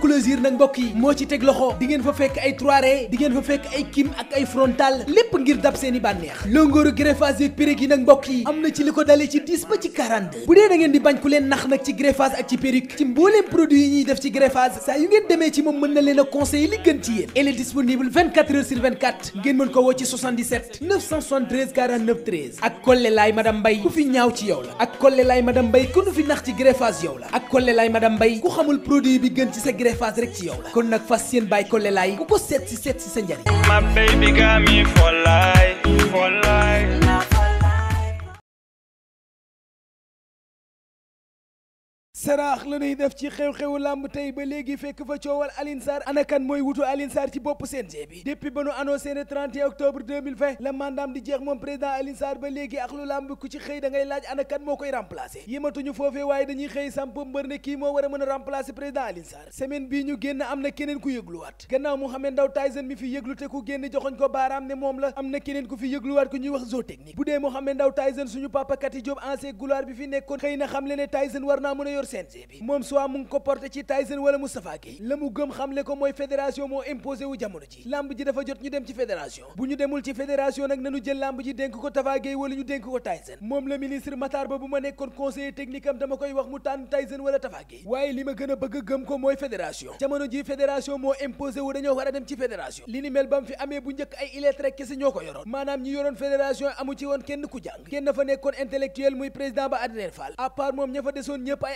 clôture nag mbokk yi moo ci teg loxo di ngeen fa fekk ay trois di ngeen fa fekk ay kim ak ay frontal lépp ngir dab seen bànneex longooru greffage yeeg périg yi nag mbokk yi am na ci li ko dalee ci 10 ba ci 42 bu dee da di bañ ku leen nax nag ci greffage ak ci périg ci mbooleem produit yi ñuy def ci greffage saa yu ngeen demee ci moom mën na leen a li gën ci yéen elle disponible ngeen mën ko woo ak Kolle laay madame Mbaye ku fi ñaaw Serigne ci yow kon nag fas yéen bàyyi ko lelaay ku ko seet si seet si sa njariñ. My baby got me for life, for saraax la ñuy def ci xew-xewu làmb tey ba léegi fekk fa coowal Alioune anakan mooy wutu Alioune ci bopp CNG bi depuis ba nu annoncé ne 31 octobre la mandaam di jeex moom président Alioune ba léegi ak làmb ku ci xëy da laaj anakan moo koy remplacer yematuñu foofee waaye dañuy xëy samp mbër ne kii moo war a mën a remplacer président Alioune Sarr semaine bii ñu génn am na keneen ku yëgluwaat gannaaw Mouhamed Ndaw Tyson mi fi yëglu te ku génn joxoñ CNG bi moom soit mu ngi ko porté ci Tyson wala Moustapha Gueye la mu gëm xamle ko mooy fédération moo imposé wu jamono ci lamb ji dafa jot ñu dem ci fédération bu ñu demul ci fédération nag nanu jël lamb ji dénk ko Tafa Gueye wala ñu dénk ko Tyson moom la ministre Matar Ba bu ma nekkoon conseiller technique am dama koy wax mu tànn Tyson wala Tafa Gueye waaye li ma gën a bëgg gëm ko mooy fédération jamono ji fédération moo imposé wu dañoo war a dem ci fédération li ni ba mu fi amee bu njëkk ay kese ñoo ko yoroon maanaam ñi yoroon fédération amu ci woon kenn ku jàng kenn fa nekkoon intellectuel muy président ba Adrien Fall à part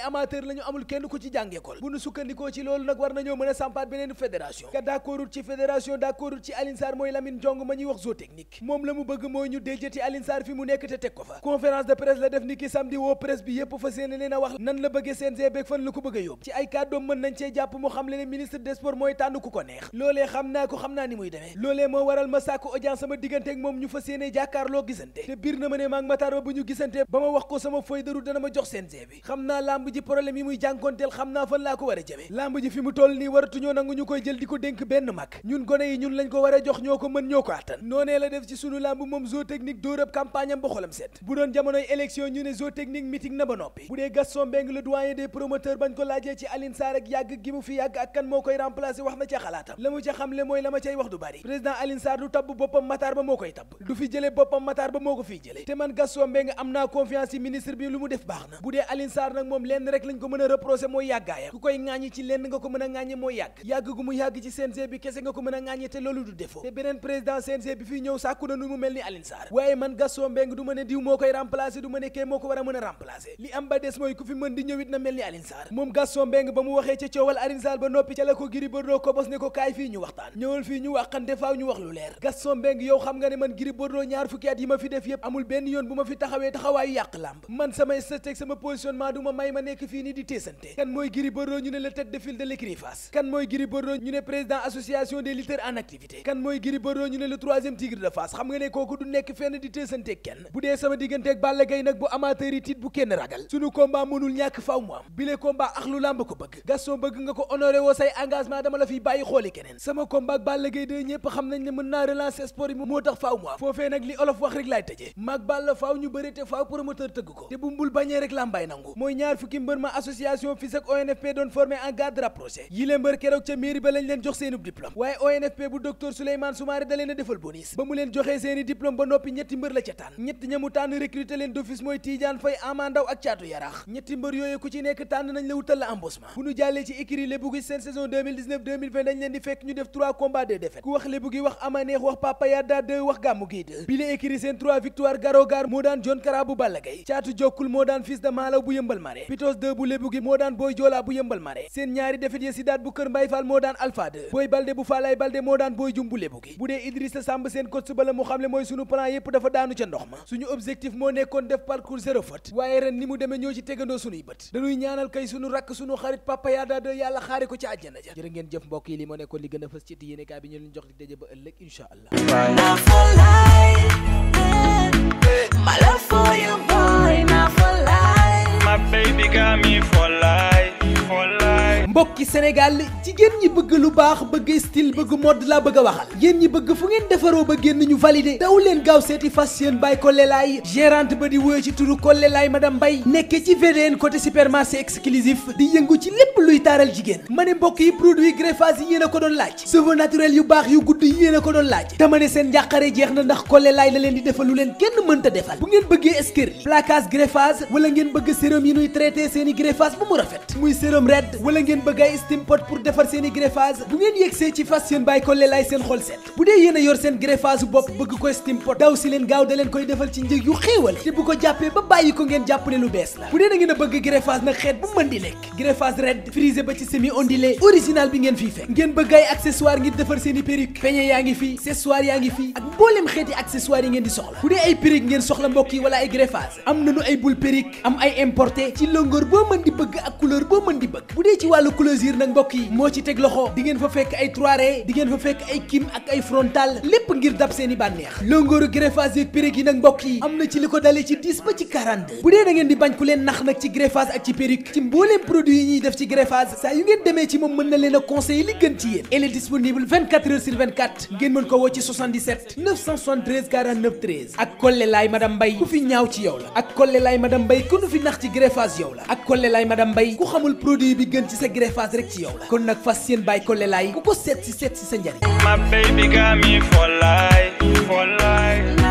ama amateur la ñu amul kenn ku ci jàng école bu nu sukkandikoo ci loolu nag war nañoo mën a sampaat beneen fédération ka d'accordul ci fédération d'accordul ci Alioune Sarr mooy Lamine Diong ma ñuy wax zoo technique moom la mu bëgg mooy ñu déjjati Alioune Sarr fi mu nekk te teg ko fa conférence de presse la def ni ki samedi woo presse bi yépp fa séene leen a wax nan la bëggee CNG beeg fan la ko bëgg a yóbbu ci ay kàddoom mën nañ cee jàpp mu xam ne ministre des mooy ko neex loolee xam naa ko xam naa ni muy demee loolee moo ma sàkku audience sama diggante ak moom ñu fa séene jàkkaarloo gisante te biir na ma ne maag Matar Ba bu ñu gisante ba ma wax naa lamb ji problème yi muy jànkoonteel xam naa fan laa ko war a jëme lamb ji fi mu toll nii waratuñoo nangu ñu koy jël di ko dénk benn mag ñun gone yi ñun lañ ko war a jox ñoo ko mën ñoo ko attan noonee la def ci sunu lamb moom zoo technique dóorab campagne am ba xolam set bu doon jamonoy élection ñu ne zoo technique meeting na ba noppi bu dee Gaston Mbengue le doyen des promoteurs bañ ko laajee ci Aline Sarr ak yàgg gi mu fi yàgg ak kan moo koy remplacer wax na ca xalaatam la mu ca xamle mooy la ma cay wax du bari président Aline Sarr du tabb boppam Matar Ba moo koy tabb du fi jële boppam Matar Ba moo ko fiy jële te man Gaston Mbengue am naa confiance ci ministre bi lu mu def baax na bu dee Aline Sarr nag moom lenn rek rek lañ ko mën a reprosé mooy yàggaayam ku koy ŋaañi ci lenn nga ko mën a ŋaañi mooy yàgg yàgg gu mu yàgg ci CNG bi kese nga ko mën a ŋaañi te loolu du défaut te beneen président CNG bi fii ñëw sàkku na nu mu mel ni Alioune waaye man Gaston Mbengue du ma ne diw moo koy remplacer du ma ne kee moo ko war a mën a remplacer li am ba des mooy ku fi mën di ñëwit na mel ni Alioune Sarr moom Gaston Mbengue ba mu waxee ca coowal Alioune Sarr ba noppi ca la ko Gris Bordeaux ko ko kaay fii waxtaan ñëwal fii ñu waxante faaw ñu wax lu leer Gaston yow xam nga ne man Gris Bordeaux ñaar fukki at yi fi def yépp amul benn yoon bu ma fi taxawee taxawaayu yàq làmb man samay sa teg sama positionnement du may ma nekk fii ni di téesante kan mooy Gris Bordeaux ñu ne la tête de de l'écurie Fass kan mooy Gris Bordeaux ñu ne président association des lutteurs en activité kan mooy Gris Bordeaux ñu ne le troisième tigre de Fass xam nga ne kooku du nekk fenn di téesante kenn bu dee sama digganteeg Balla Gaye nag bu amateur yi tiit bu kenn ragal suñu combat mënul ñàkk faaw mu am bile combat làmb ko bëgg Gaston bëgg nga ko honoré say engagement dama la fiy bàyyi xooli keneen sama combat ma association FIS ak ONFP doon formé en garde rapproché yi mbër keroog ca mairie ba lañ leen jox seeni diplôme waaye ONFP bu docteur Souleymane Soumaré da defal bonus ba mu leen joxee seeni diplôme ba noppi ñetti mbër la ca tànn ñetti ñamu tànn recruter leen d'office mooy Tidiane Faye Amandaw ak Caatu Yaraax ñetti mbër yooyu ku ci nekk tànn nañ la wutal la embauchement bu ñu jàllee ci écurie Lebu gi seen saison 2019 leen di fekk ñu def 3 combats de 2 bu lébu gi moo daan booy joolaa bu yëmbal mare seen ñaari defet ya si bu kër mbay faal moo daan alpha booy balde bu faalaay balde moo daan booy jum bu lébu gi bu dee idrissa sàmb seen coach ba la mu xamle mooy sunu plan yépp dafa daanu ca ndox ma suñu objectif moo nekkoon def parcours zéro faute waaye ren ni mu demee ñoo ci tegandoo sunuy bët dañuy ñaanal kay sunu rakk sunu xarit papa yaada de yàlla xaare ko ci àjjana ja jërë my baby got me for mbokki Sénégal jigéen ñi bëgg lu baax bëgg style bëgg mode laa bëgg a waxal yéen ñi bëgg fu ngeen defaroo ba génn ñu validé daw leen gaaw seeti fas yéen bay Collé Laye ba di wóyoo ci turu Collé ma madame bay nekkee ci VDN côté supermarché exclusif di yëngu ci lépp luy taaral jigéen ma ne mbokk yi produit greffage yi yéen a ko doon laaj cheveux naturel yu baax yu gudd yi yéen a ko doon laaj dama ne seen njàqare jeex na ndax Collé Laye la leen di defal leen kenn mënta defal bu ngeen bëggee escurely placage greffage wala ngeen bëgg sérum yi nuy traité seen i greffage bu mu rafet ngeen bëgg ay steam pour defar seen greffage bu ngeen yegsee ci fas yéen bàyyi ko lelaay seen xol set bu dee yéen yor seen greffage bopp bëgg koy steam daw si leen gaaw da koy defal ci njëg yu xéewal te bu ko jàppee ba bàyyi ko ngeen jàpp lu bees la bu dee da ngeen bëgg greffage nag xeet bu mën di lekk greffage red frisé ba ci semi ondulé original bi ngeen fii fekk ngeen bëgg ay accessoire ngir defar seen i perruque peñe wàllu clôture nag mbokk yi moo ci teg loxo di ngeen fa fekk ay trois raies fa fekk ay kim ak ay frontal lépp ngir dab seen bànneex longooru greffage yeeg périg yi nag mbokk yi am na ci li ko dalee ci 10 ba ci 42 bu dee da di bañ ku leen nax nag ci greffage ak ci périg ci mbooleem produit yi ñuy def ci greffage saa yu ngeen demee ci moom mën na leen a conseiller li gën ci yéen elle disponible ngeen mën ko woo ak kolle laay madame Mbaye ku ku fi nax greffage rek ci yow ko lelaay ku ko seet si seet si sa njariñ. My baby got me